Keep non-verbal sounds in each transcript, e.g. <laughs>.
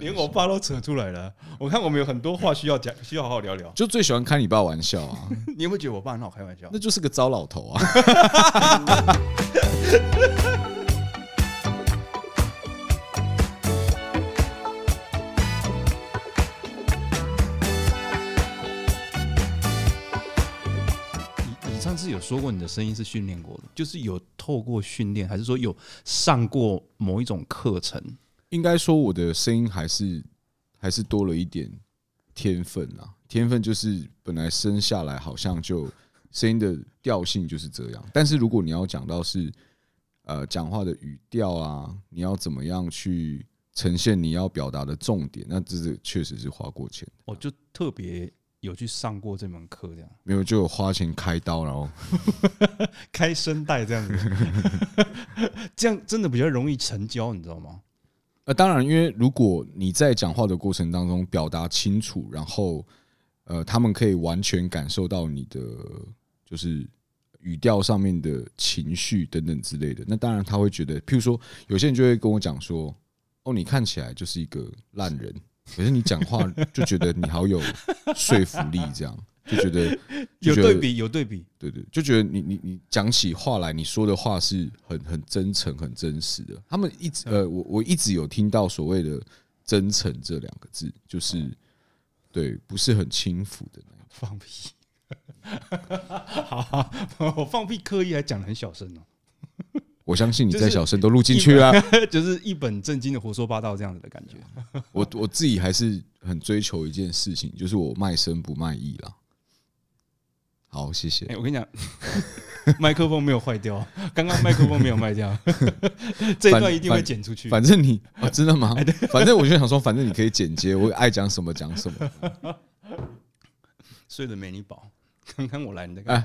連我爸都扯出來了，我看我們有很多話需要講，需要好好聊聊。就最喜歡開你爸玩笑啊！ <laughs> 你有沒有覺得我爸很好開玩笑？那就是個糟老頭啊！你你上次有說過你的聲音是訓練過的，就是有透過訓練，還是說有上過某一種課程？應該說我的聲音還是還是多了一點天分啊，天分就是本來生下來好像就聲音的調性就是這樣。但是如果你要講到是呃講話的語調啊，你要怎麼樣去呈現你要表達的重點，那這是確實是花過錢，哦。我就特別有去上過這門課，這樣沒有就有花錢開刀，然後 <laughs> 開聲帶這樣子， <laughs> <laughs> 這樣真的比較容易成交，你知道嗎？那、呃、當然，因為如果你在講話的過程當中表達清楚，然後呃，他們可以完全感受到你的就是語調上面的情緒等等之類的，那當然他會覺得，譬如說，有些人就會跟我講說：“哦，你看起來就是一個爛人，可是你講話就覺得你好有說服力。”這樣。就覺得有對比，有對比，對對，對，就覺得你你你講起話來，你說的話是很很真誠、很真實的。他們一直呃，我我一直有聽到所謂的“真誠”這兩個字，就是對不是很輕浮的那種放屁。好好，我放屁刻意還講的很小聲哦。我相信你再小聲都錄進去了，就是一本正經的胡說八道這樣子的感覺。我我自己還是很追求一件事情，就是我賣身不賣藝了。好，謝謝。欸、我跟你講，麥克風沒有壞掉，剛剛麥克風沒有賣掉。 <laughs> 這一段一定會剪出去。反。反正你啊，哦，真的嗎？哎，反正我就想說，反正你可以剪接，我愛講什麼講什麼。睡得沒你飽，剛剛我來你的干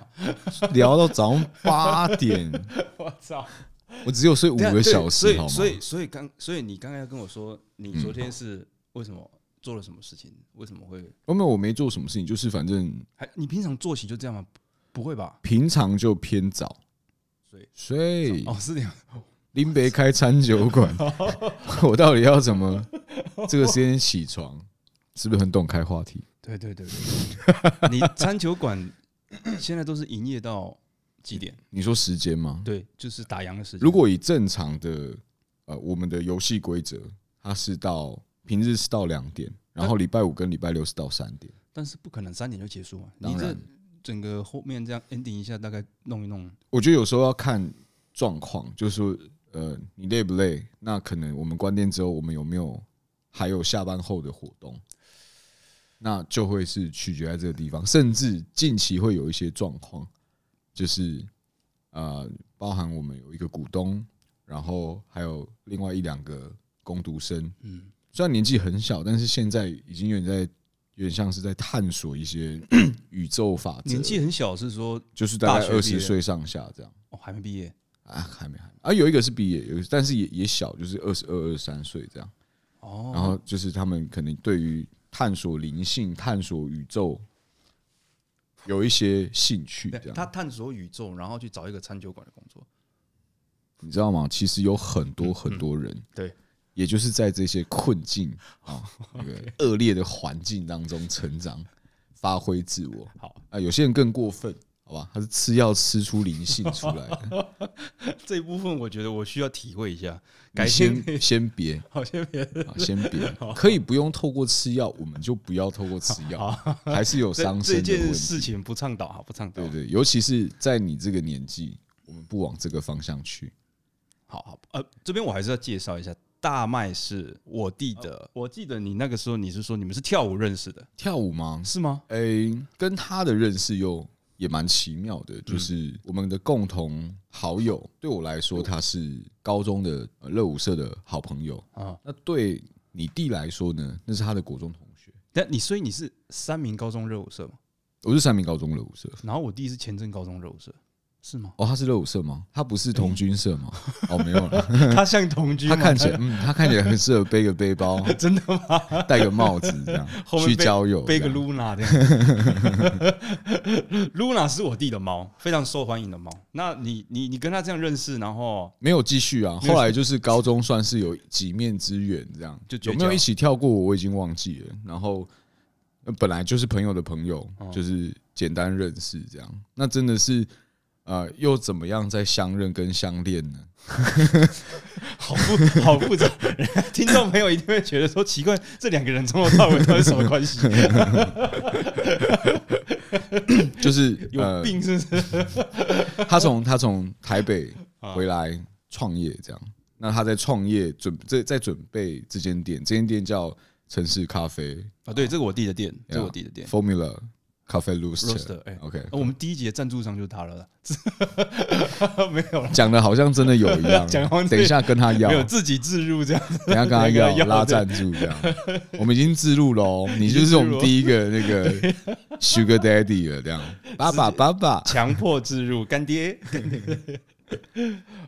聊到早上八點，我 <laughs> 操！我只有睡五個小時，好嗎？所、所以，所以剛、所以你剛剛要跟我說，你昨天是，嗯、為什麼？做了什麼事情？為什麼會因為我沒做什麼事情，就是反正還你平常作息就這樣嗎？不會吧？平常就偏早，所以哦四點林北開餐酒館，我到底要怎麼這個時間起床？是不是很懂開話題？對對對對，你餐酒館現在都是營業到幾點？你說時間嗎？對，就是打烊的時間。如果以正常的呃我們的遊戲規則，它是到。平日是到兩點，然後禮拜五跟禮拜六是到三點，但是不可能三點就結束啊。當然，你這整個後面這樣 ending 一下，大概弄一弄。我覺得有時候要看狀況，就是說呃，你累不累？那可能我們關店之後，我們有沒有還有下班後的活動？那就會是取決在這個地方，甚至近期會有一些狀況，就是、呃、包含我們有一個股東，然後還有另外一兩個工讀生，嗯。雖然年紀很小，但是現在已經有點在，有點像是在探索一些 <coughs> 宇宙法則。年紀很小是說是，就是大概二十歲上下這樣，哦、還沒畢業啊，還沒還沒啊。有一個是畢業，有一個但是也也小，就是二十二、二十三歲這樣。哦，然後就是他們可能對於探索靈性、探索宇宙有一些興趣這樣。他探索宇宙，然後去找一個餐酒館的工作。你知道嗎？其實有很多很多人，嗯嗯、對。也就是在這些困境啊、惡劣的環境當中成長，發揮自我。好啊，有些人更過分，好吧？他是吃藥吃出靈性出來的。這一部分我覺得我需要體會一下。你先、啊、先別，好，先別，先別，可以不用透過吃藥，我們就不要透過吃藥，還是有傷身的事情。不倡導，不倡導。對對，對，尤其是在你這個年紀，我們不往這個方向去。好好，呃，這邊我還是要介紹一下。大麥是我弟的，我記得你那個時候你是說你們是跳舞認識的、啊，跳舞嗎？是嗎？誒、欸，跟他的認識又也蠻奇妙的，就是我們的共同好友，對我來說他是高中的熱舞社的好朋友啊。那對你弟來說呢？那是他的國中同學。但你所以你是三名高中熱舞社嗎？我是三名高中熱舞社，然後我弟是前陣高中熱舞社。是嗎？哦，他是熱舞社嗎？他不是童軍社嗎？欸、哦，沒有了。 <laughs> 他像童軍，他看起來，嗯，他看起來很適合背個背包， <laughs> 真的嗎？戴個帽子這樣，後去郊遊，背個 Luna 這樣。這樣 <laughs> Luna 是我弟的貓，非常受歡迎的貓。那你，你，你跟他這樣認識，然後沒有繼續啊？後來就是高中算是有幾面之緣，這樣就有沒有一起跳過舞？我已經忘記了。然後本來就是朋友的朋友，就是簡單認識這樣。哦、那真的是。呃，又怎麼樣？在相認跟相戀呢？好復好複雜，人家聽眾朋友一定會覺得說奇怪，這兩個人從頭到尾都是什麼關係？ <laughs> 就是有病，是不是？呃，他從他從台北回來創業，這樣。那他在創業準在在準備這間店，這間店叫城市咖啡啊。對，這個我弟的店，yeah, 這是我弟的店，Formula。咖啡路斯，OK 我們第一集贊助商就是他了。沒有啦，講的好像真的有一樣，講等一下跟他要，沒有自己自入這樣子，等下跟他要拉贊助這樣，我們已經自入了，你就是我們第一個那個 Sugar Daddy 了，這樣，爸爸爸爸，強迫自入乾爹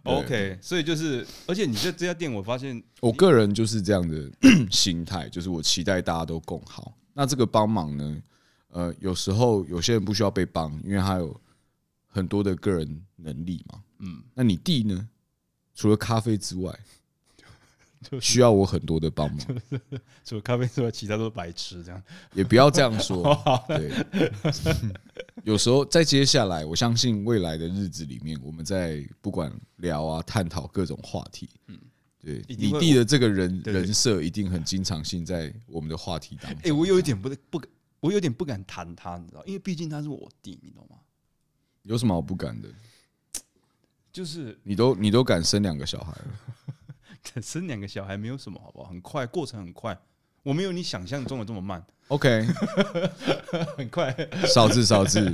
，OK，所以就是，而且你這這家店，我發現，我個人就是這樣的心態，就是我期待大家都更好，那這個幫忙呢？呃，有時候有些人不需要被幫，因為他有很多的個人能力嘛。嗯，那你弟呢？除了咖啡之外，就是、需要我很多的幫忙、就是。除了咖啡之外，其他都是白痴這樣。也不要這樣說。 <laughs> 好好對， <laughs> 有時候在接下來，我相信未來的日子裡面，我們在不管聊啊、探討各種話題，嗯，對你弟的這個人對對對人設，一定很經常性在我們的話題當中。哎、欸，我有一點不不敢。我有點不敢談他，你知道，因為畢竟他是我弟，你懂嗎？有什麼我不敢的？就是你都你都敢生兩個小孩了， <laughs> 生兩個小孩沒有什麼好不好？很快，過程很快，我沒有你想象中的這麼慢。OK， <laughs> 很快，嫂子，嫂子，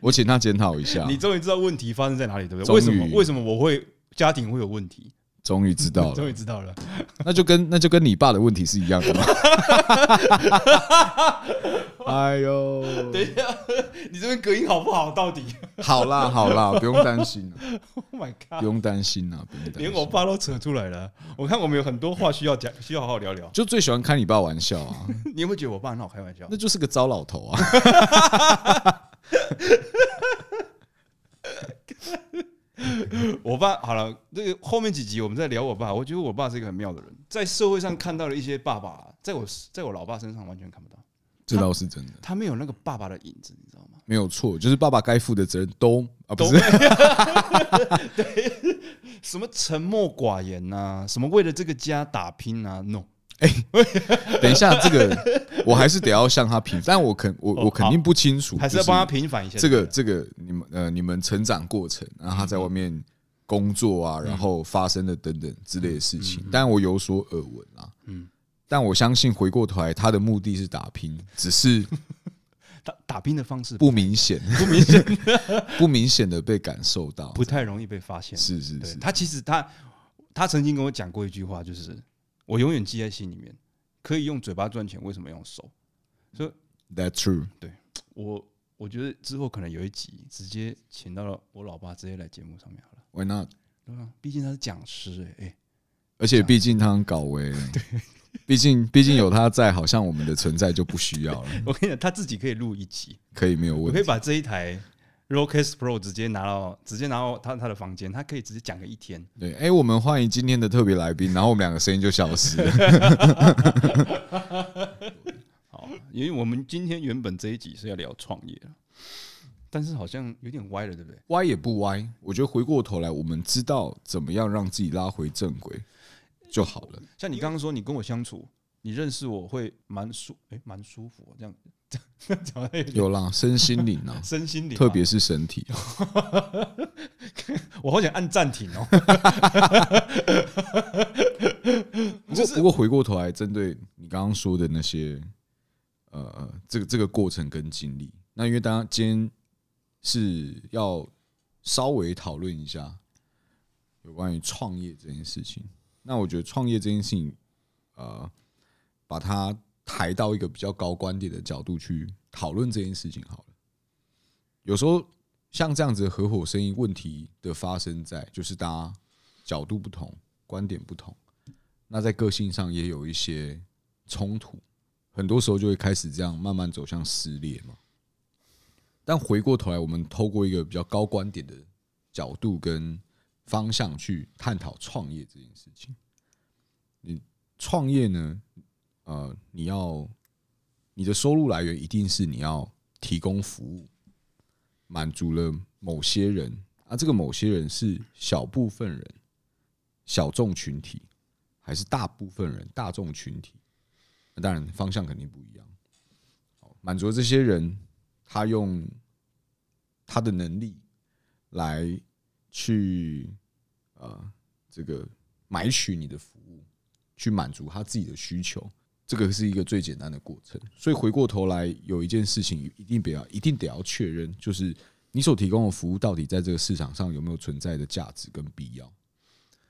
我請他檢討一下。你終於知道問題發生在哪裡，對不對？於為什麼為什麼我會家庭會有問題？終於知道了，終於知道了，那就跟那就跟你爸的問題是一樣的嗎？ <laughs> 哎呦，等一下，你這邊隔音好不好？到底？好啦好啦，不用擔心。Oh my god，不用擔心啊，不用擔心，連我爸都扯出來了。我看我們有很多話需要講，需要好好聊聊。就最喜歡開你爸玩笑啊？你有沒有覺得我爸很好開玩笑？那就是個糟老頭啊。 <laughs> <laughs> 我爸好了，這個後面幾集我們在聊我爸。我覺得我爸是一個很妙的人，在社會上看到了一些爸爸，在我在我老爸身上完全看不到，這倒是真的。他沒有那個爸爸的影子，你知道嗎？沒有錯，就是爸爸該負的責任都啊不是 <laughs> 什麼沉默寡言吶、啊，什麼為了這個家打拼啊，no。哎、欸，等一下，這個我還是得要向他平，但我肯我我肯定不清楚，還是要幫他平反一下。這個這個，你們呃，你們成長過程，然後他在外面工作啊，然後發生的等等之類的事情，但我有所耳聞啊。嗯，但我相信回過頭來，他的目的是打拼，只是打打拼的方式不明顯，不明顯，不明顯的被感受到，不太容易被發現。是是是，是，他其實他他曾經跟我講過一句話，就是。我永遠記在心裡面，可以用嘴巴賺錢，為什麼用手？說 That's true 對。對我，我覺得之後可能有一集直接請到了我老爸直接來節目上面好了。Why not？畢竟他是講師哎、欸，欸、而且畢竟他很搞微、欸。講，對，畢竟畢竟有他在，對，好像我們的存在就不需要了。我跟你講，他自己可以錄一集，可以沒有問題，可以把這一台。Rodecast Pro 直接拿到，直接拿到他他的房間，他可以直接講個一天。對，哎、欸，我們歡迎今天的特別來賓，然後我們兩個聲音就消失了。 <laughs> <laughs> 好，因為我們今天原本這一集是要聊創業，但是好像有點歪了，對不對？歪也不歪，我覺得回過頭來，我們知道怎麼樣讓自己拉回正軌就好了。像你剛剛說，你跟我相處，你認識我會蠻舒，哎、欸，蠻舒服這樣。有，有啦？身心靈啊，身心靈啊，特別是身體。 <laughs> 我好想按暫停哦。不過，回過頭來，針對你剛剛說的那些，呃，這個這個過程跟經歷，那因為大家今天是要稍微討論一下有關於創業這件事情。那我覺得創業這件事情，呃，把它。抬到一個比較高觀點的角度去討論這件事情好了。有時候像這樣子的合夥生意問題的發生在就是大家角度不同、觀點不同，那在個性上也有一些衝突，很多時候就會開始這樣慢慢走向撕裂嘛。但回過頭來，我們透過一個比較高觀點的角度跟方向去探討創業這件事情，你創業呢？呃，你要你的收入來源一定是你要提供服務，滿足了某些人啊，這個某些人是小部分人，小衆群體，還是大部分人，大衆群體，啊？當然，方向肯定不一樣。好，滿足了這些人，他用他的能力來去啊、呃，這個買取你的服務，去滿足他自己的需求。這個是一個最簡單的過程，所以回過頭來有一件事情一定不要，一定得要確認，就是你所提供的服務到底在這個市場上有沒有存在的價值跟必要？嗯嗯嗯。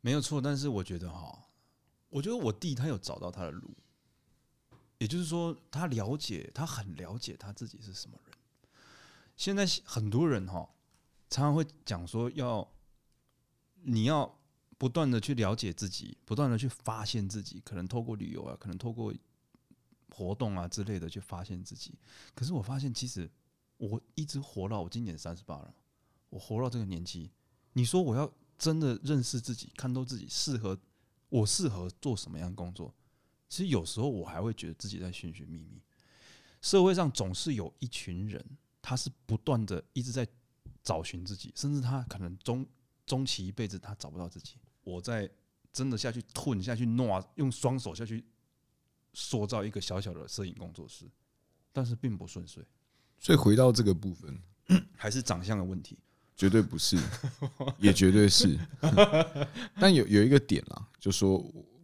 沒有錯，但是我覺得哈，我覺得我弟他有找到他的路，也就是說，他了解，他很了解他自己是什麼人。現在很多人哈，常常會講說要你要。不斷的去了解自己，不斷的去發現自己，可能透過旅遊啊，可能透過活動啊之類的去發現自己。可是我發現，其實我一直活到我今年三十八了，我活到這個年紀，你說我要真的認識自己，看透自己，適合我適合做什麼樣的工作，其實有時候我還會覺得自己在尋尋覓覓。社會上總是有一群人，他是不斷的一直在找尋自己，甚至他可能終終其一輩子，他找不到自己。我在真的下去吞下去拿，用雙手下去塑造一個小小的攝影工作室，但是並不順遂。所以回到這個部分還、嗯，還是長相的問題？絕對不是， <laughs> 也絕對是。 <laughs> <laughs> 但有有一個點啊，就說，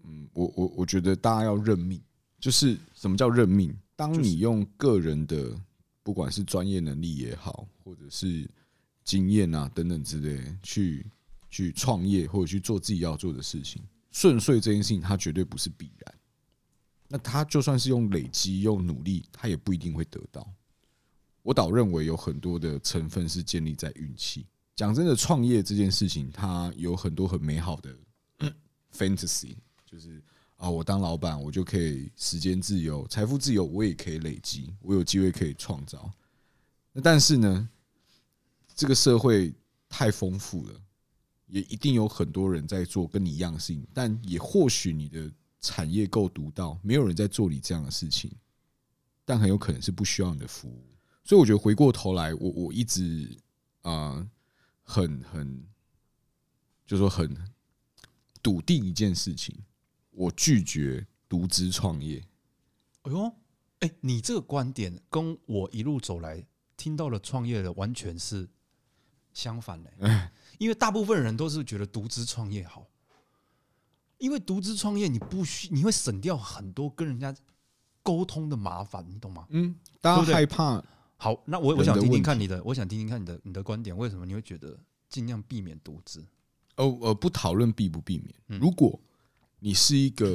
嗯，我我我覺得大家要認命。就是什麼叫認命？當你用個人的，就是、不管是專業能力也好，或者是經驗啊等等之類去。去創業或者去做自己要做的事情，順遂這件事情，它絕對不是必然。那他就算是用累積、用努力，他也不一定會得到。我倒認為有很多的成分是建立在運氣。講真的，創業這件事情，它有很多很美好的 <coughs> fantasy，就是啊，我當老闆，我就可以時間自由、財富自由，我也可以累積，我有機會可以創造。那但是呢，這個社會太豐富了。也一定有很多人在做跟你一樣的事情，但也或許你的產業夠獨到，沒有人在做你這樣的事情，但很有可能是不需要你的服務。所以我覺得回過頭來，我我一直啊、呃，很很，就是說很篤定一件事情，我拒絕獨資創業。哎呦，哎、欸，你這個觀點跟我一路走來聽到了創業的完全是相反的、欸。因為大部分人都是覺得獨資創業好，因為獨資創業你不需你會省掉很多跟人家溝通的麻煩，你懂嗎？嗯，大家害怕對對。好，那我我想聽聽看你的，我想聽聽看你的你的觀點，為什麼你會覺得盡量避免獨資？哦、呃，呃，不討論避不避免。如果你是一個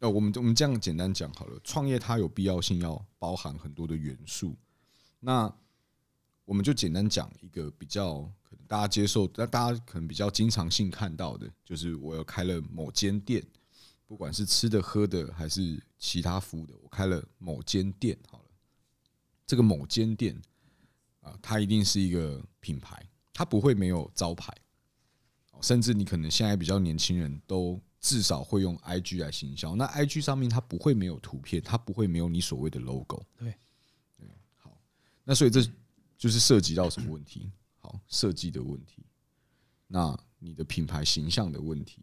呃，我們我們這樣簡單講好了，創業它有必要性要包含很多的元素。那我們就簡單講一個比較。大家接受，那大家可能比較經常性看到的，就是我有開了某間店，不管是吃的、喝的，還是其他服務的，我開了某間店。好了，這個某間店啊，它一定是一個品牌，它不會沒有招牌。甚至你可能現在比較年輕人都至少會用 IG 來行銷，那 IG 上面它不會沒有圖片，它不會沒有你所謂的 logo。對，對，好，那所以這就是涉及到什麼問題？ <coughs> 好，設計的問題，那你的品牌形象的問題，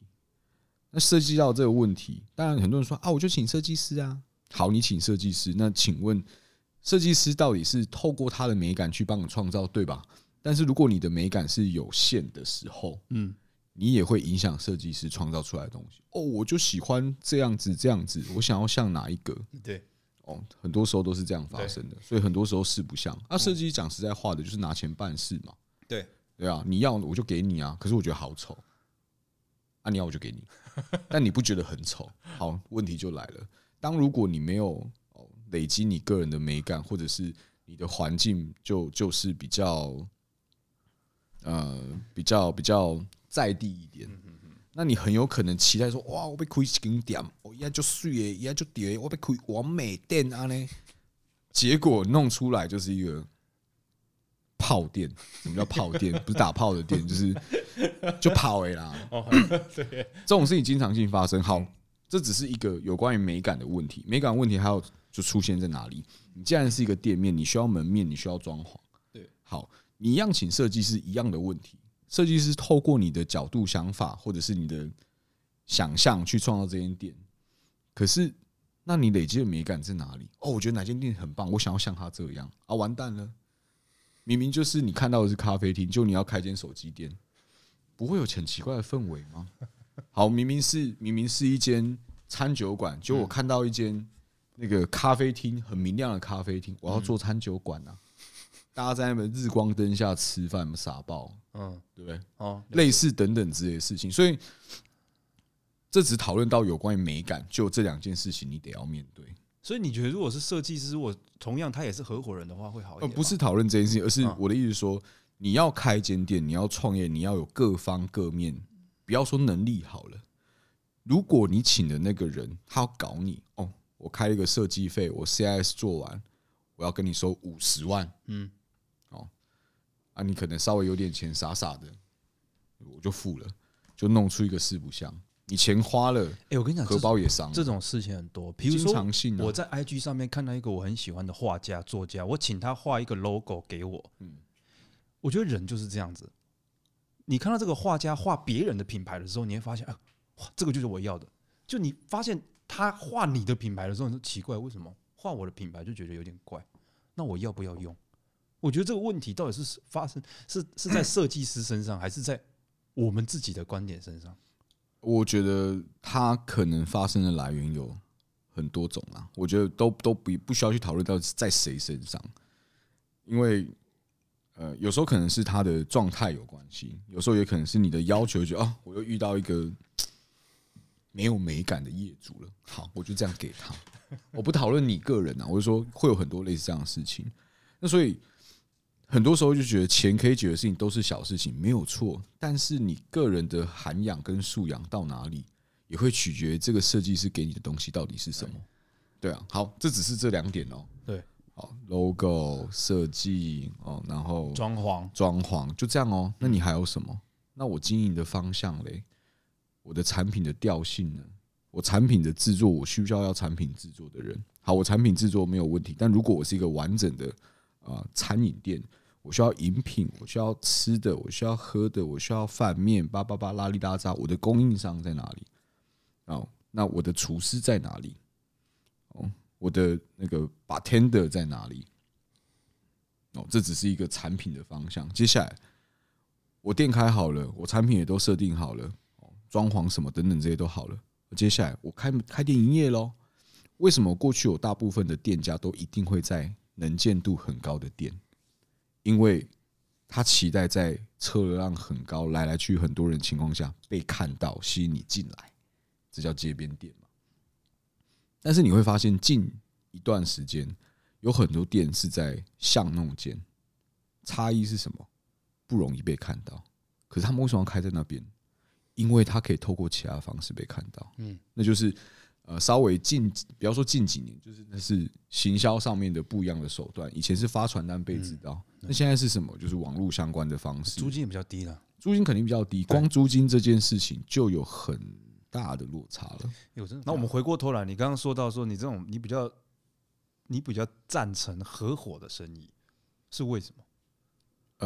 那涉及到這個問題，當然很多人說啊，我就請設計師啊，好，你請設計師，那請問設計師到底是透過他的美感去幫你創造，對吧？但是如果你的美感是有限的時候，嗯，你也會影響設計師創造出來的東西。哦，我就喜歡這樣子，這樣子，我想要像哪一個？對，哦，很多時候都是這樣發生的，對所以很多時候是不像。那設計師講實在話的，就是拿錢辦事嘛。對對啊，你要我就給你啊，可是我覺得好醜啊，你要我就給你，但你不覺得很醜？好，問題就來了，當如果你沒有哦累積你個人的美感，或者是你的環境就就是比較，呃，比較比較在地一點，那你很有可能期待說哇，我被虧一點、哦，我一下就碎了，一下就跌了，我被虧完美店啊呢。結果弄出來就是一個。炮店，什麼叫炮店？不是打炮的店， <laughs> 就是就炮誒啦。 <laughs> 這種事情經常性發生。好，這只是一個有關於美感的問題。美感問題還有就出現在哪裡？你既然是一個店面，你需要門面，你需要裝潢。對，好，你一樣請設計師一樣的問題。設計師透過你的角度、想法，或者是你的想象，去創造這間店。可是，那你累積的美感在哪裡？哦，我覺得哪間店很棒，我想要像他這樣。啊，完蛋了。明明就是你看到的是咖啡廳，就你要開間手機店，不會有很奇怪的氛圍嗎？好，明明是明明是一間餐酒館，就我看到一間那個咖啡廳很明亮的咖啡廳，我要做餐酒館啊！大家在那邊日光燈下吃飯，傻爆，嗯，對不對？哦，類似等等之類的事情，所以這只討論到有關於美感，就這兩件事情，你得要面對。所以你覺得，如果是設計師，如果同樣他也是合夥人的話，會好一點、呃？不是討論這件事情，而是我的意思說，啊、你要開一間店，你要創業，你要有各方各面，不要說能力好了。如果你請的那個人他要搞你哦，我開一個設計費，我 CIS 做完，我要跟你收五十萬，嗯，哦，啊，你可能稍微有點錢，傻傻的，我就付了，就弄出一個四不像。以前花了，哎、欸，我跟你講，荷包也傷了。這種事情很多，比如說，我在 IG 上面看到一個我很喜歡的畫家、作家，我請他畫一個 LOGO 給我。嗯，我覺得人就是這樣子。你看到這個畫家畫別人的品牌的時候，你會發現，啊，這個就是我要的。就你發現他畫你的品牌的時候，你說奇怪，為什麼？畫我的品牌就覺得有點怪？那我要不要用？我覺得這個問題到底是發生是是在設計師身上，還是在我們自己的觀點身上？我覺得它可能發生的來源有很多種啊，我覺得都都不不需要去討論到在誰身上，因為，呃，有時候可能是他的狀態有關係，有時候也可能是你的要求就，就啊，我又遇到一個沒有美感的業主了，好，我就這樣給他，我不討論你個人啊，我就說會有很多類似這樣的事情，那所以。很多時候就覺得錢可以解決的事情都是小事情，沒有錯。但是你個人的涵養跟素養到哪裡，也會取決於這個設計師給你的東西到底是什麼？對啊，好，這只是這兩點哦。對，好，logo 設計哦，然後裝潢，裝潢就這樣哦、喔。那你還有什麼？那我經營的方向嘞？我的產品的調性呢？我產品的制作，我需不需要,要產品制作的人？好，我產品制作沒有問題。但如果我是一個完整的。啊，餐飲店，我需要飲品，我需要吃的，我需要喝的，我需要飯麵，巴巴巴拉里拉扎，我的供應商在哪裡？哦、oh,，那我的廚師在哪裡？哦、oh,，我的那個 bartender 在哪裡？哦、oh,，這只是一個產品的方向。接下來，我店開好了，我產品也都設定好了，哦，裝潢什麼等等這些都好了。接下來，我開開店營業嘍。為什麼過去我大部分的店家都一定會在？能見度很高的店，因為他期待在車流量很高、來來去很多人的情況下被看到，吸引你進來，這叫街邊店。但是你會發現，近一段時間有很多店是在巷弄間，差異是什麼？不容易被看到。可是他們為什麼要開在那邊？因為他可以透過其他方式被看到。嗯，那就是。呃，稍微近，比方說近幾年，就是那是行銷上面的不一樣的手段。以前是發傳單被、被知道，嗯、那現在是什麼？就是網絡相關的方式，租金也比較低了。租金肯定比較低，光租金這件事情就有很大的落差了。那我們回過頭來，你剛剛說到說你這種你比較你比較贊成合夥的生意是為什麼？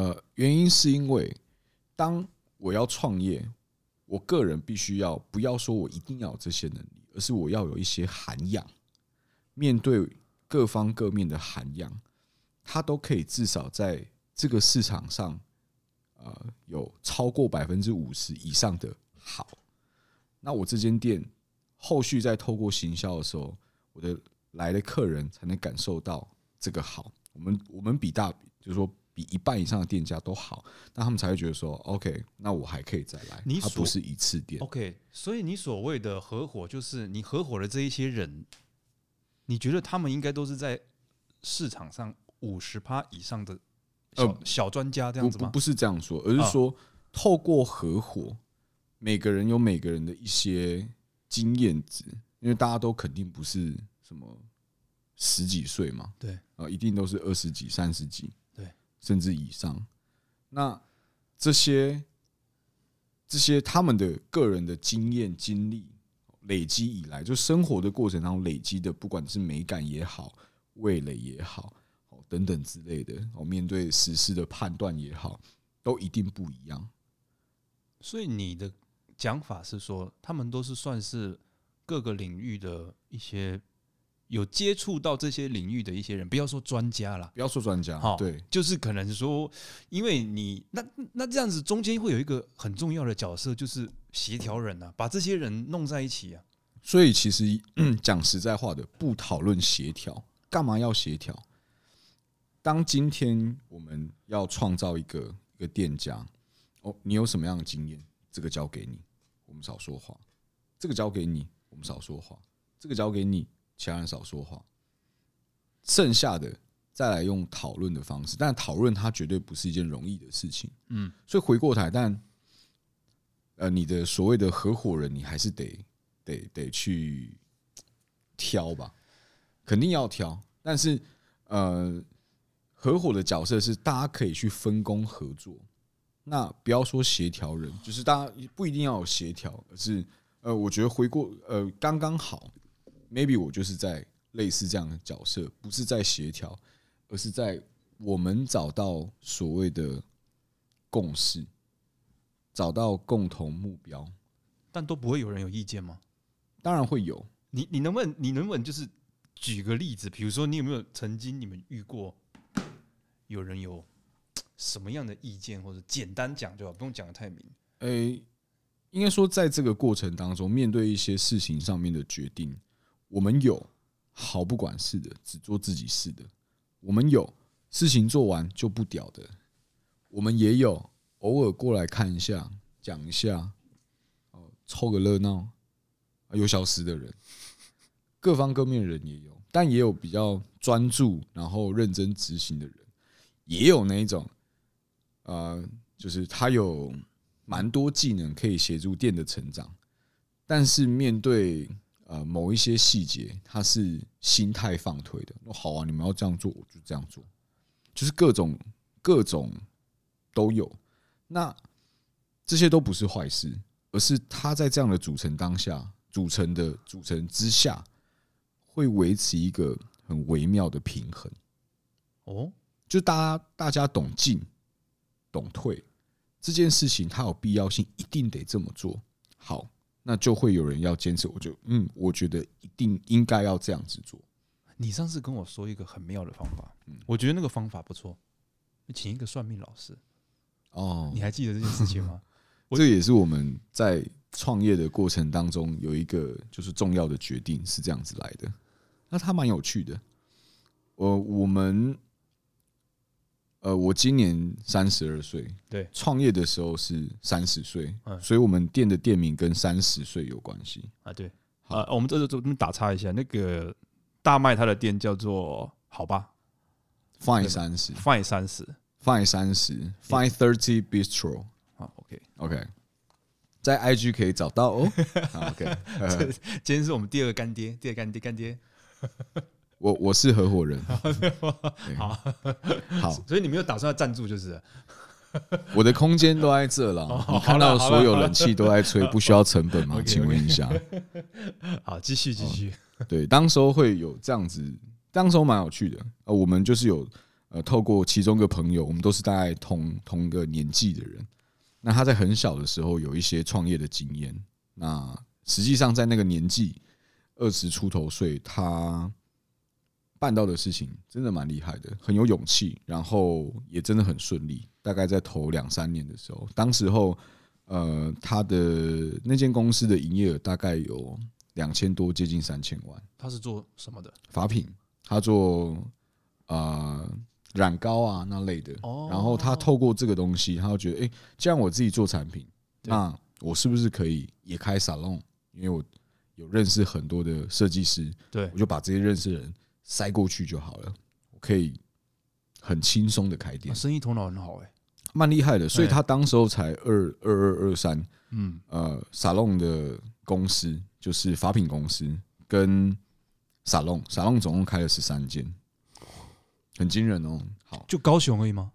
呃，原因是因為當我要創業，我個人必須要不要說我一定要有這些能力。而是我要有一些涵養，面對各方各面的涵養，他都可以至少在這個市場上，呃，有超過百分之五十以上的好。那我這間店後續在透過行銷的時候，我的來的客人才能感受到這個好。我們我們比大比，就是說，比一半以上的店家都好，那他們才會覺得說 OK，那我還可以再來。你不是一次店所 OK，所以你所謂的合夥，就是你合夥的這一些人，你覺得他們應該都是在市場上五十趴以上的小、呃、小專家這樣子嗎？不，不是這樣說，而是說透過合夥，每個人有每個人的一些經驗值，因為大家都肯定不是什麼十幾歲嘛，對，啊、呃，一定都是二十幾、三十幾。甚至以上，那這些這些他們的個人的經驗、經歷累積以來，就生活的過程當中累積的，不管是美感也好、味蕾也好、等等之類的，哦，面對實事的判斷也好，都一定不一樣。所以你的講法是說，他們都是算是各個領域的一些。有接觸到這些領域的一些人，不要說專家了，不要說專家，哈，好，對，就是可能說，因為你那那這樣子，中間會有一個很重要的角色，就是協調人吶，啊，把這些人弄在一起啊。所以，其實講實在話的，不討論協調，幹嘛要協調？當今天我們要創造一個一個店家，哦，你有什麼樣的經驗？這個交給你，我們少說話；這個交給你，我們少說話；這個交給你。其他人少說話，剩下的再來用討論的方式，但討論它絕對不是一件容易的事情。嗯，所以回過頭來，但呃，你的所謂的合夥人，你還是得得得，得去挑吧，肯定要挑。但是呃，合夥的角色是大家可以去分工合作，那不要說協調人，就是大家不一定要有協調，而是呃，我覺得回過呃，剛剛好。Maybe 我就是在類似這樣的角色，不是在協調，而是在我們找到所謂的共識，找到共同目標，但都不會有人有意見嗎？當然會有。你你能問，你能問，就是舉個例子，比如說你有沒有曾經你們遇過有人有什麼樣的意見，或者簡單講就好，不用講得太明。誒、欸，應該說在這個過程當中，面對一些事情上面的決定。我們有毫不管事的，只做自己事的；我們有事情做完就不屌的；我們也有偶爾過來看一下、講一下、哦湊個熱鬧有消失的人，各方各面人也有，但也有比較專注、然後認真執行的人，也有那一種，啊、呃。就是他有蠻多技能可以協助店的成長，但是面對。呃，某一些細節，他是心態放退的。好啊，你們要這樣做，我就這樣做，就是各種各種都有。那這些都不是壞事，而是他在這樣的組成當下、組成的組成之下，會維持一個很微妙的平衡。哦，就是大家大家懂進懂退這件事情，它有必要性，一定得這麼做好。那就會有人要堅持，我就嗯，我覺得一定應該要這樣子做。你上次跟我說一個很妙的方法，嗯，我覺得那個方法不錯，請一個算命老師哦，你還記得這件事情嗎？ <laughs> 這也是我們在創業的過程當中有一個就是重要的決定是這樣子來的，那它蠻有趣的。呃，我們。呃，我今年三十二歲，對，創業的時候是三十歲，嗯，所以我們店的店名跟三十歲有關係啊，對，好，我們這就打岔一下，那個大麥他的店叫做好吧，Fine 三十，Fine 三十，Fine 三十，Fine Thirty Bistro，好，OK，OK，在 IG 可以找到哦，OK，今天是我們第二個乾爹，第二個乾爹，干爹。我我是合夥人，好，好，所以你沒有打算要贊助，就是我的空間都在這了，你看到所有冷氣都在吹，不需要成本嗎？請問一下，好，繼續繼續。對，當時候會有這樣子，當時候蠻有趣的。呃，我們就是有呃，透過其中一個朋友，我們都是大概同同一個年紀的人。那他在很小的時候有一些創業的經驗，那實際上在那個年紀二十出頭歲，他。辦到的事情真的蠻厲害的，很有勇氣，然後也真的很順利。大概在頭兩三年的時候，當時候，呃，他的那間公司的營業額大概有兩千多，接近三千萬。他是做什麼的？髮品，他做啊、呃、染膏啊那類的。哦。然後他透過這個東西，他覺得，哎、欸，既然我自己做產品，那我是不是可以也開沙龍？因為我有認識很多的設計師，對，我就把這些認識的人。塞過去就好了，可以很輕鬆的開店，啊、生意頭腦很好哎、欸，蠻厲害的。所以他當時候才二二二二三，嗯，呃，沙龍的公司就是髮品公司跟沙龍，沙龍總共開了十三間，很驚人哦。好，就高雄而已嗎？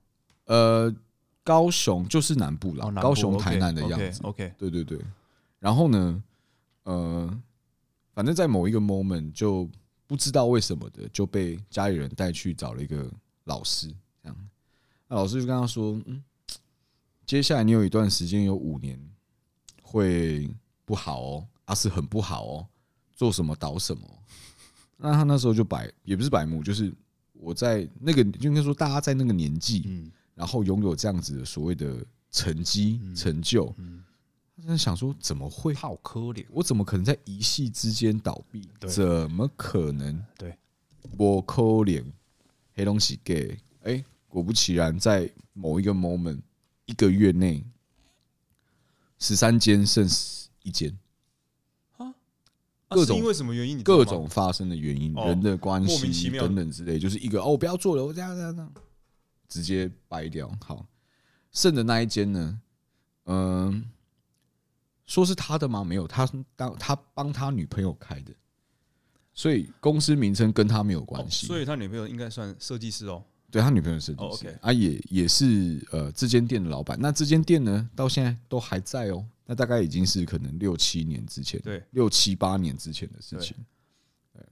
呃，高雄就是南部啦，哦、南部高雄台南的樣子。OK, okay, okay. 對對對。然後呢，呃，嗯、反正在某一個 moment 就。不知道為什麼的就被家裡人帶去找了一個老師，這樣，那老師就跟他說：“嗯，接下來你有一段時間有五年會不好哦，啊是很不好哦，做什麼倒什麼。”那他那時候就百也不是百畝，就是我在那個就應該說大家在那個年紀，然後擁有這樣子的所謂的成績成就、嗯。嗯在想說怎麼會？好摳臉，我怎麼可能在一夕之間倒閉？怎麼可能？對，我摳臉，黑東西給哎，果不其然，在某一個 moment，一個月內十三間剩一間啊，各種因為什麼原因？各種發生的原因，人的關係等等之類，就是一個哦，我不要做了，我這樣這樣這樣，直接掰掉。好，剩的那一間呢？嗯。說是他的嗎？沒有，他當他幫他女朋友開的，所以公司名稱跟他沒有關係，哦。所以他女朋友應該算設計師哦對。對他女朋友設計師，哦 okay、啊也，也也是呃，這間店的老闆。那這間店呢，到現在都還在哦。那大概已經是可能六七年之前，對，六七八年之前的事情。嗯，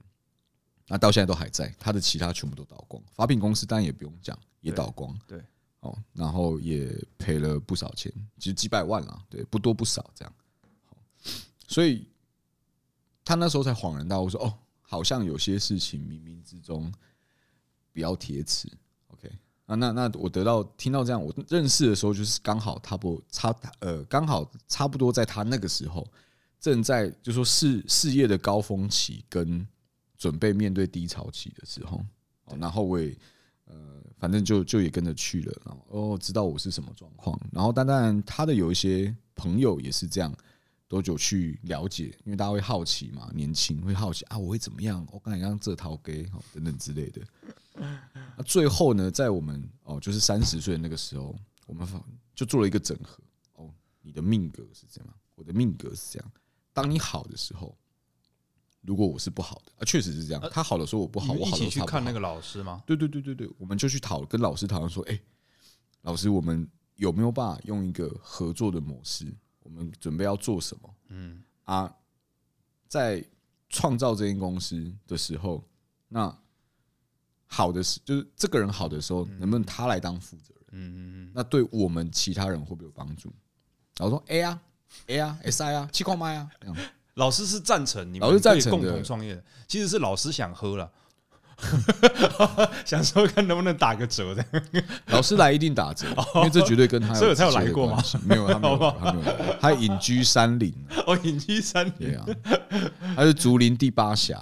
那到現在都還在，他的其他全部都倒光。發病公司當然也不用講，也倒光對。對，哦，然後也賠了不少錢，其實幾百萬啦，對，不多不少這樣。所以，他那時候才恍然大悟說：“哦，好像有些事情冥冥之中不要鐵齒。”OK 啊，那那，那我得到聽到這樣，我認識的時候就是剛好他不差不多差呃，剛好差不多在他那個時候正在就說事事業的高峰期跟準備面對低潮期的時候，對然後我也呃，反正就就也跟着去了，然後、哦、知道我是什麼狀況。然後，但當然，他的有一些朋友也是這樣。多久去了解，因為大家會好奇嘛，年輕會好奇啊，我會怎麼樣？我、哦、剛才剛這套給好等等之類的。那、啊、最後呢，在我們哦，就是三十歲的那個時候，我們就做了一個整合。哦，你的命格是這樣，我的命格是這樣。當你好的時候，如果我是不好的啊，確實是這樣。他好的時候我不好，我、呃、們一起去看那個老師嗎？對對對對對，我們就去討跟老師討論說，哎、欸，老師，我們有沒有辦法用一個合作的模式？我們準備要做什麼？嗯啊，在創造這間公司的時候，那好的時，就是這個人好的時候，能不能他來當負責人？嗯嗯嗯。那對我們其他人會不會有幫助？老師說，A 啊，A 啊，S I 啊，七礦麥啊。啊試試啊老師是贊成，你們是贊成共同創業的。其實是老師想喝了。 <laughs> 想說看能不能打個折的，老師來一定打折，因為這絕對跟他有關係。所以他有來過嗎？沒有，他沒有，他沒有。他隱居山林，哦，隱居山林，他是竹林第八俠。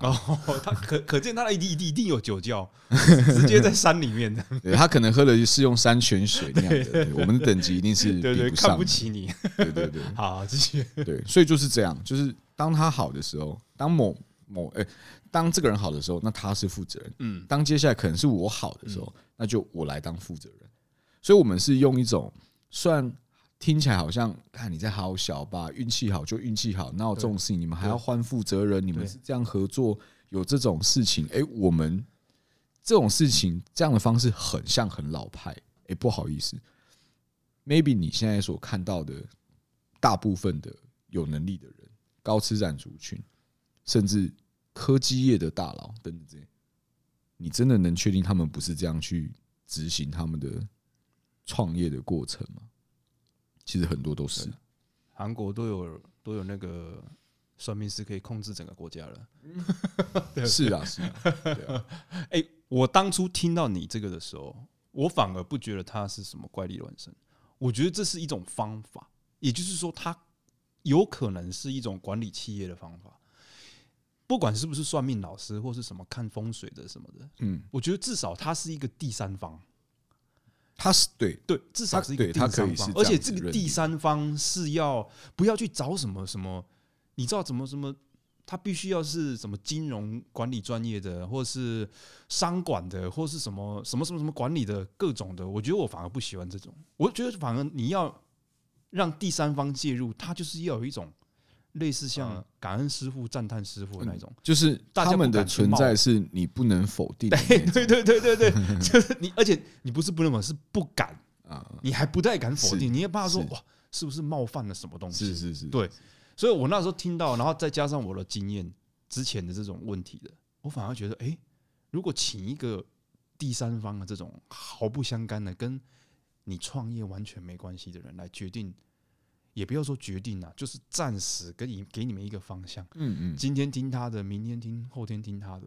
他可可見他一定一定有酒窖，直接在山裡面的。對他可能喝的是用山泉水那樣的。我們等級一定是對看不起你。對對對，好，繼續對，對。所以就是這樣，就是當他好的時候，當某某哎、欸。當這個人好的時候，那他是負責人。嗯、當接下來可能是我好的時候，嗯、那就我來當負責人。所以，我們是用一種算聽起來好像看、啊、你在好小吧，運氣好就運氣好，那我這種事情對你們還要換負責人？對你們是這樣合作有這種事情？哎對、欸，我們這種事情這樣的方式很像很老派。哎、欸，不好意思，maybe 你現在所看到的大部分的有能力的人，高資產族群，甚至。科技業的大佬等等這些，你真的能確定他們不是這樣去執行他們的創業的過程嗎？其實很多都是，韓國都有都有那個算命師可以控制整個國家了。 <laughs> 對是啊，是啊。哎、啊 <laughs> 欸，我當初聽到你這個的時候，我反而不覺得他是什麼怪力亂神，我覺得這是一種方法，也就是說，他有可能是一種管理企業的方法。不管是不是算命老師或是什麼看風水的什麼的，嗯，我覺得至少他是一個第三方，他是對對，對他至少是一個第三方，而且這個第三方是要不要去找什麼什麼，你知道怎麼什麼？他必須要是什麼金融管理專業的，或是商管的，或是什麼什麼什麼什麼什麼管理的各種的。我覺得我反而不喜歡這種，我覺得反而你要讓第三方介入，他就是要有一種。類似像感恩師傅、讚嘆師傅的那種、嗯，就是他們的存在是你不能否定的。對、嗯就是、 <laughs> 對對對對對，就是你，而且你不是不能否定是不敢、嗯、你還不太敢否定，是你也怕說是哇，是不是冒犯了什麼東西？是是是，是，對。所以我那時候聽到，然後再加上我的經驗之前的這種問題的，我反而覺得、欸，如果請一個第三方的這種毫不相干的、跟你創業完全沒關係的人來決定。也不要說決定了，就是暫時給你給你們一個方向。嗯嗯，今天聽他的，明天聽，後天聽他的。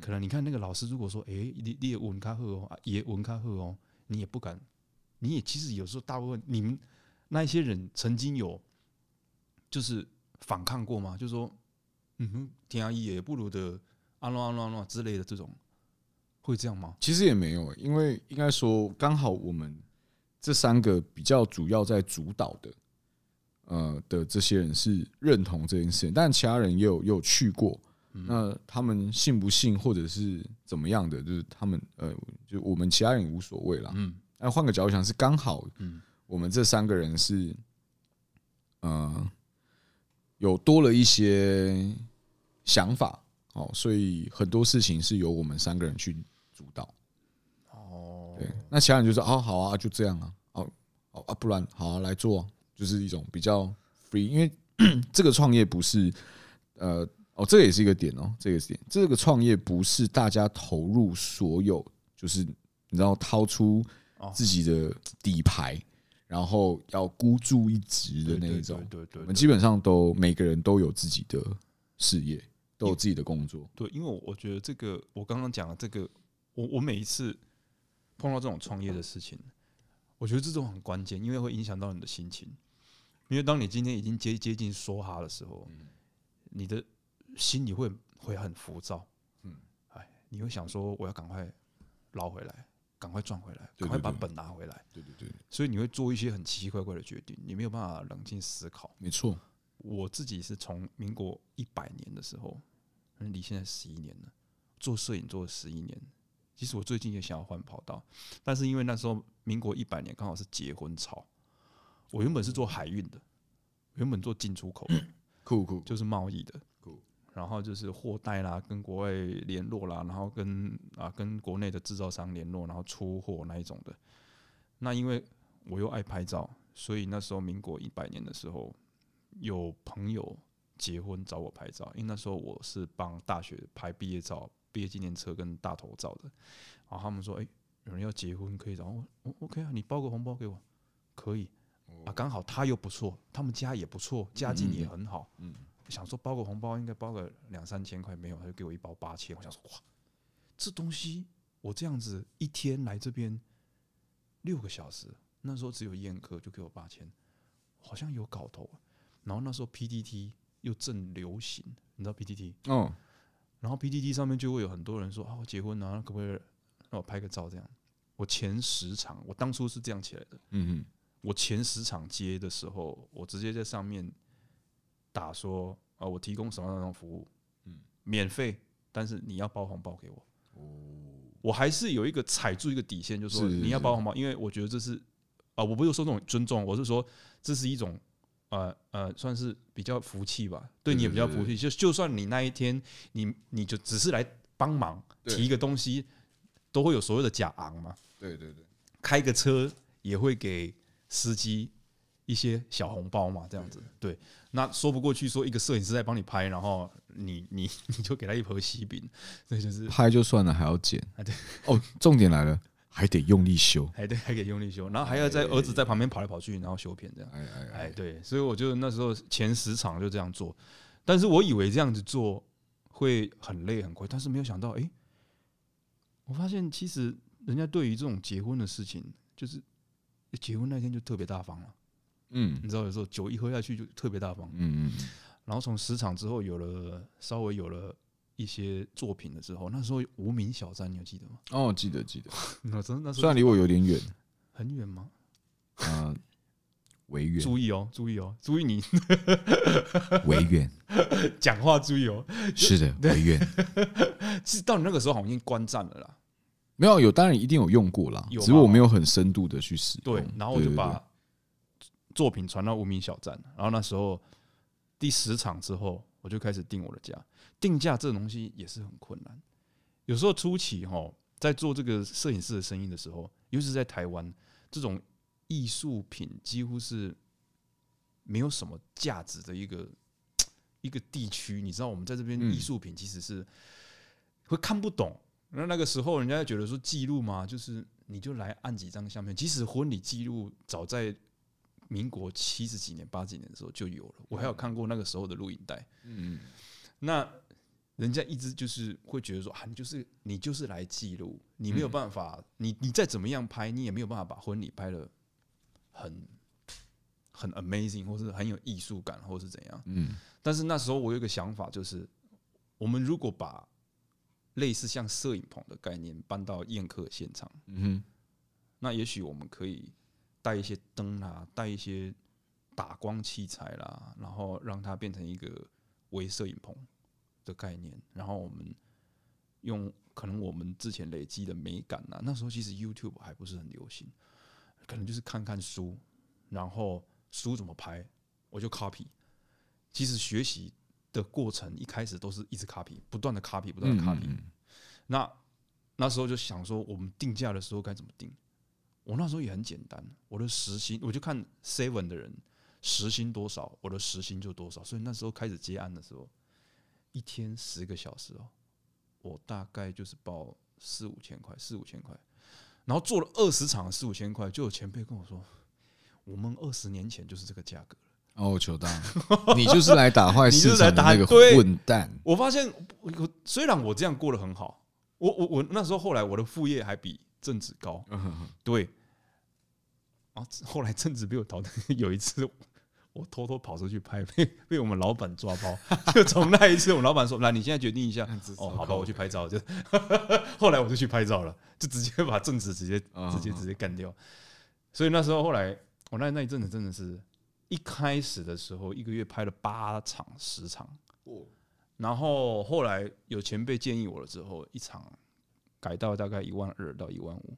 可能你看那個老師，如果說，哎、嗯欸，你你也問開喝哦，也問開喝哦，你也不敢，你也其實有時候大部分你們那一些人曾經有就是反抗過嗎？就說，嗯哼，天阿姨也不如的安諾安諾安諾之類的這種，會這樣嗎？其實也沒有、欸，因為應該說剛好我們這三個比較主要在主導的。呃的這些人是認同這件事情，但其他人也有也有去過，那他們信不信或者是怎麼樣的，就是他們呃，就我們其他人也無所謂了。嗯，那換個角度想，是剛好，嗯，我們這三個人是，呃，有多了一些想法哦，所以很多事情是由我們三個人去主導。哦，對，那其他人就說、是、哦，好啊，就這樣啊，哦哦啊不然好啊來做、啊。就是一種比較 free，因為這個創業不是，呃，哦，這個、也是一個點哦，這個也是點，這個創業不是大家投入所有，就是你知道，掏出自己的底牌，哦、然後要孤注一擲的那一種。對對，對，我們基本上都每個人都有自己的事業，都有自己的工作。對，因為我覺得這個，我剛剛講了這個，我我每一次碰到這種創業的事情，我覺得這種很關鍵，因為會影響到你的心情。因為當你今天已經接接近梭哈的時候，你的心裡會會很浮躁，哎，你會想說我要趕快撈回來，趕快賺回來，趕快把本拿回來，對對對，所以你會做一些很奇奇怪怪的決定，你沒有辦法冷靜思考。沒錯，我自己是從民國一百年的時候，離現在十一年了，做攝影做了十一年，其實我最近也想要換跑道，但是因為那時候民國一百年剛好是結婚潮。我原本是做海運的，原本做進出口的酷，酷酷就是貿易的酷。然後就是貨代啦，跟國外聯絡啦，然後跟啊跟國內的制造商聯絡，然後出貨那一種的。那因為我又愛拍照，所以那時候民國一百年的時候，有朋友結婚找我拍照，因為那時候我是幫大學拍畢業照、畢業紀念冊跟大頭照的。然後他們說：“哎，有人要結婚，可以找我。哦、”“O、okay、K 啊，你包個紅包給我，可以。”啊，剛好他又不錯，他們家也不錯，家境也很好。嗯，嗯想說包個紅包，應該包個兩三千塊沒有，他就給我一包八千。我想說，哇，這東西我這樣子一天來這邊六個小時，那時候只有宴客就給我八千，好像有搞頭。然後那時候 PTT 又正流行，你知道 PTT？嗯。然後 PTT 上面就會有很多人說啊，我結婚啊，可不可以讓我拍個照？這樣，我前十場，我當初是這樣起來的。嗯哼我前十場接的時候，我直接在上面打說啊，我提供什麼樣那種服務，嗯，免費，但是你要包紅包給我。哦，我還是有一個踩住一個底線，就是說你要包紅包，是是是因為我覺得這是啊，我不是說這種尊重，我是說這是一種呃呃，算是比較福氣吧，對你也比較福氣。是是是就就算你那一天你你就只是來幫忙提一個東西，對，都會有所謂的假昂嘛。對對對，對，開個車也會給。司機一些小紅包嘛，這樣子對，那說不過去。說一個攝影師在幫你拍，然後你你你就給他一盒喜餅，所以就是拍就算了，還要剪，哎、啊、對，哦，重點來了，還得用力修，還得還得用力修，然後還要在兒子在旁邊跑來跑去，然後修片這樣，哎哎哎，哎，哎、對，所以我就那時候前十場就這樣做，但是我以為這樣子做會很累很貴，但是沒有想到，哎、欸，我發現其實人家對於這種結婚的事情，就是。結婚那天就特別大方了，嗯，你知道有時候酒一喝下去就特別大方，嗯嗯，然後從十場之後有了，稍微有了一些作品了之後，那時候無名小站你有記得嗎？哦，記得記得，哦、真那真候是雖然離我有點遠，很遠嗎？嗯、呃，維遠，注意哦，注意哦，注意你維遠，講 <laughs> 遠 <laughs> 話注意哦，是的，維遠，對 <laughs> 其實到你那個時候好像已經觀戰了啦。沒有有當然一定有用過啦，有吧，只是我沒有很深度的去使用。對，然後我就把作品傳到無名小站。然後那時候第十場之後，我就開始定我的價。定價這東西也是很困難。有時候初期哈，在做這個攝影師的生意的時候，尤其是在台灣這種藝術品幾乎是沒有什麼價值的一個一個地區。你知道，我們在這邊藝術品其實是會看不懂。那那個時候，人家覺得說記錄嘛，就是你就來按幾張相片。即使婚禮記錄，早在民國七十幾年、八幾年的時候就有了。我還有看過那個時候的錄影帶。嗯，嗯，那人家一直就是會覺得說啊，你就是你就是來記錄，你沒有辦法，嗯嗯你你再怎麼樣拍，你也沒有辦法把婚禮拍的很很 amazing，或是很有藝術感，或是怎樣。嗯，嗯。但是那時候我有一個想法，就是我們如果把類似像攝影棚的概念搬到宴客現場。嗯哼，那也許我們可以帶一些燈啊，帶一些打光器材啦，啊，然後讓它變成一個微攝影棚的概念。然後我們用可能我們之前累積的美感啊，那時候其實 YouTube 還不是很流行，可能就是看看書，然後書怎麼拍我就 copy。其實學習的過程一開始都是一直 copy，不斷的 copy，不斷的 copy copy。嗯嗯嗯嗯，那那時候就想說，我們定價的時候該怎麼定？我那時候也很簡單，我的時薪我就看 seven 的人時薪多少，我的時薪就多少。所以那時候開始接案的時候，一天十個小時哦，我大概就是報四五千塊，四五千塊。然後做了二十場四五千塊，就有前輩跟我說，我們二十年前就是這個價格。哦，糗、oh, 大，你就是來打壞事的那個混蛋。 <laughs> 我發現，我雖然我這樣過得很好，我我我那時候後來我的副業還比正職高。對，然後後來正職被我淘汰。有一次，我偷偷跑出去拍被，被我們老闆抓包。就從那一次，我們老闆說：“來，你現在決定一下。”哦，好吧，我去拍照。就 <laughs> 後來我就去拍照了， <laughs> 就，就直接把正職直接直接直接幹掉。所以那時候後來，我那那一陣子真的是。一開始的時候，一個月拍了八場、十場，然後後來有前輩建議我了之後，一場改到大概一萬二到一萬五，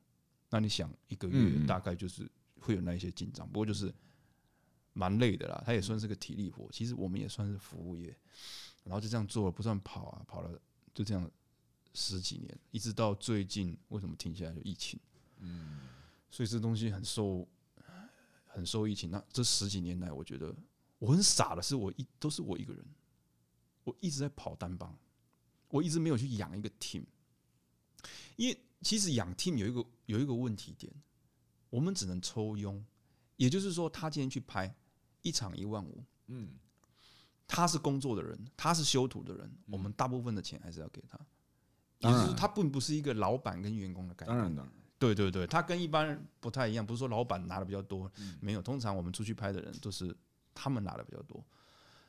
那你想一個月大概就是會有那些進帳，不過就是蠻累的啦，它也算是個體力活，其實我們也算是服務業，然後就這樣做了，不算跑啊，跑了就這樣十幾年，一直到最近為什麼停下來就疫情，嗯，所以這東西很受。很受疫情，那這十幾年來，我覺得我很傻的是，我一都是我一個人，我一直在跑單幫，我一直沒有去養一個 team。因為其實養 team 有一個有一個問題點，我們只能抽佣，也就是說，他今天去拍一場一萬五，嗯，他是工作的人，他是修圖的人，嗯、我們大部分的錢還是要給他，嗯、也就是他並不是一個老板跟員工的概念，嗯、當然當然。對對對，他跟一般人不太一樣，不是說老闆拿的比較多，嗯、沒有，通常我們出去拍的人都是他們拿的比較多，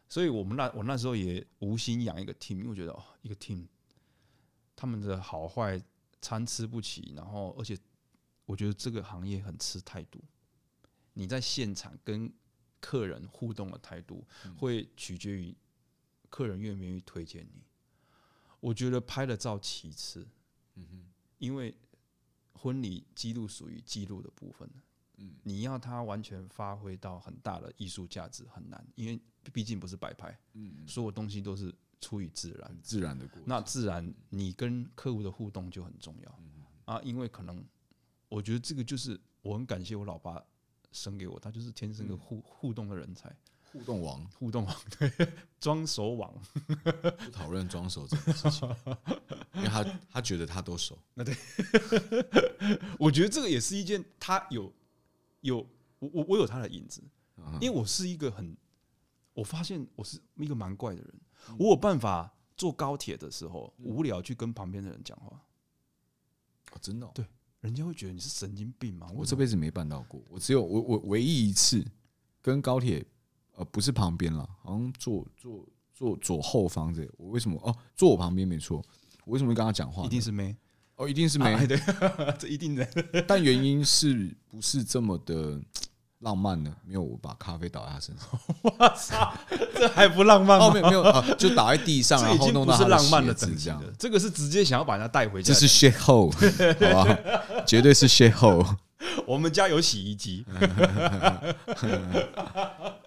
所以我們那我那時候也無心養一個 team，因為我覺得哦一個 team，他們的好壞參差不齊，然後而且我覺得這個行業很吃態度，你在現場跟客人互動的態度、嗯、會取決於客人願不願意推薦你，我覺得拍的照其次，嗯哼，因為。婚禮記錄屬於記錄的部分，嗯，你要它完全發揮到很大的藝術價值很難，因為畢竟不是擺拍，所有東西都是出於自然，自然的，那自然你跟客戶的互動就很重要啊，因為可能我覺得這個就是我很感謝我老爸生給我，他就是天生的互互動的人才，互動王，互動王，對，裝手王，不討論裝手這個事情。因為他他覺得他都熟，那對， <laughs> 我覺得這個也是一件他有有我我有他的影子，因為我是一個很，我發現我是一個蠻怪的人，我有辦法坐高鐵的時候無聊去跟旁邊的人講話，哦，真的，對，人家會覺得你是神經病嗎？我這輩子沒辦到過，我只有我我唯一一次跟高鐵，呃，不是旁邊了，好像坐坐坐左後方這，我為什麼哦，坐我旁邊沒錯。為什麼跟他講話？一定是沒哦，一定是沒、啊、對，這一定的。但原因是不是這麼的浪漫呢？沒有，我把咖啡倒在他身上。哇這還不浪漫嗎？沒有、哦、沒有，沒有啊、就倒在地上，然後弄的是浪漫的等級了。這個是直接想要把它帶回家，這是 s h 好吧， <laughs> 絕對是 s h 我們家有洗衣機。 <laughs>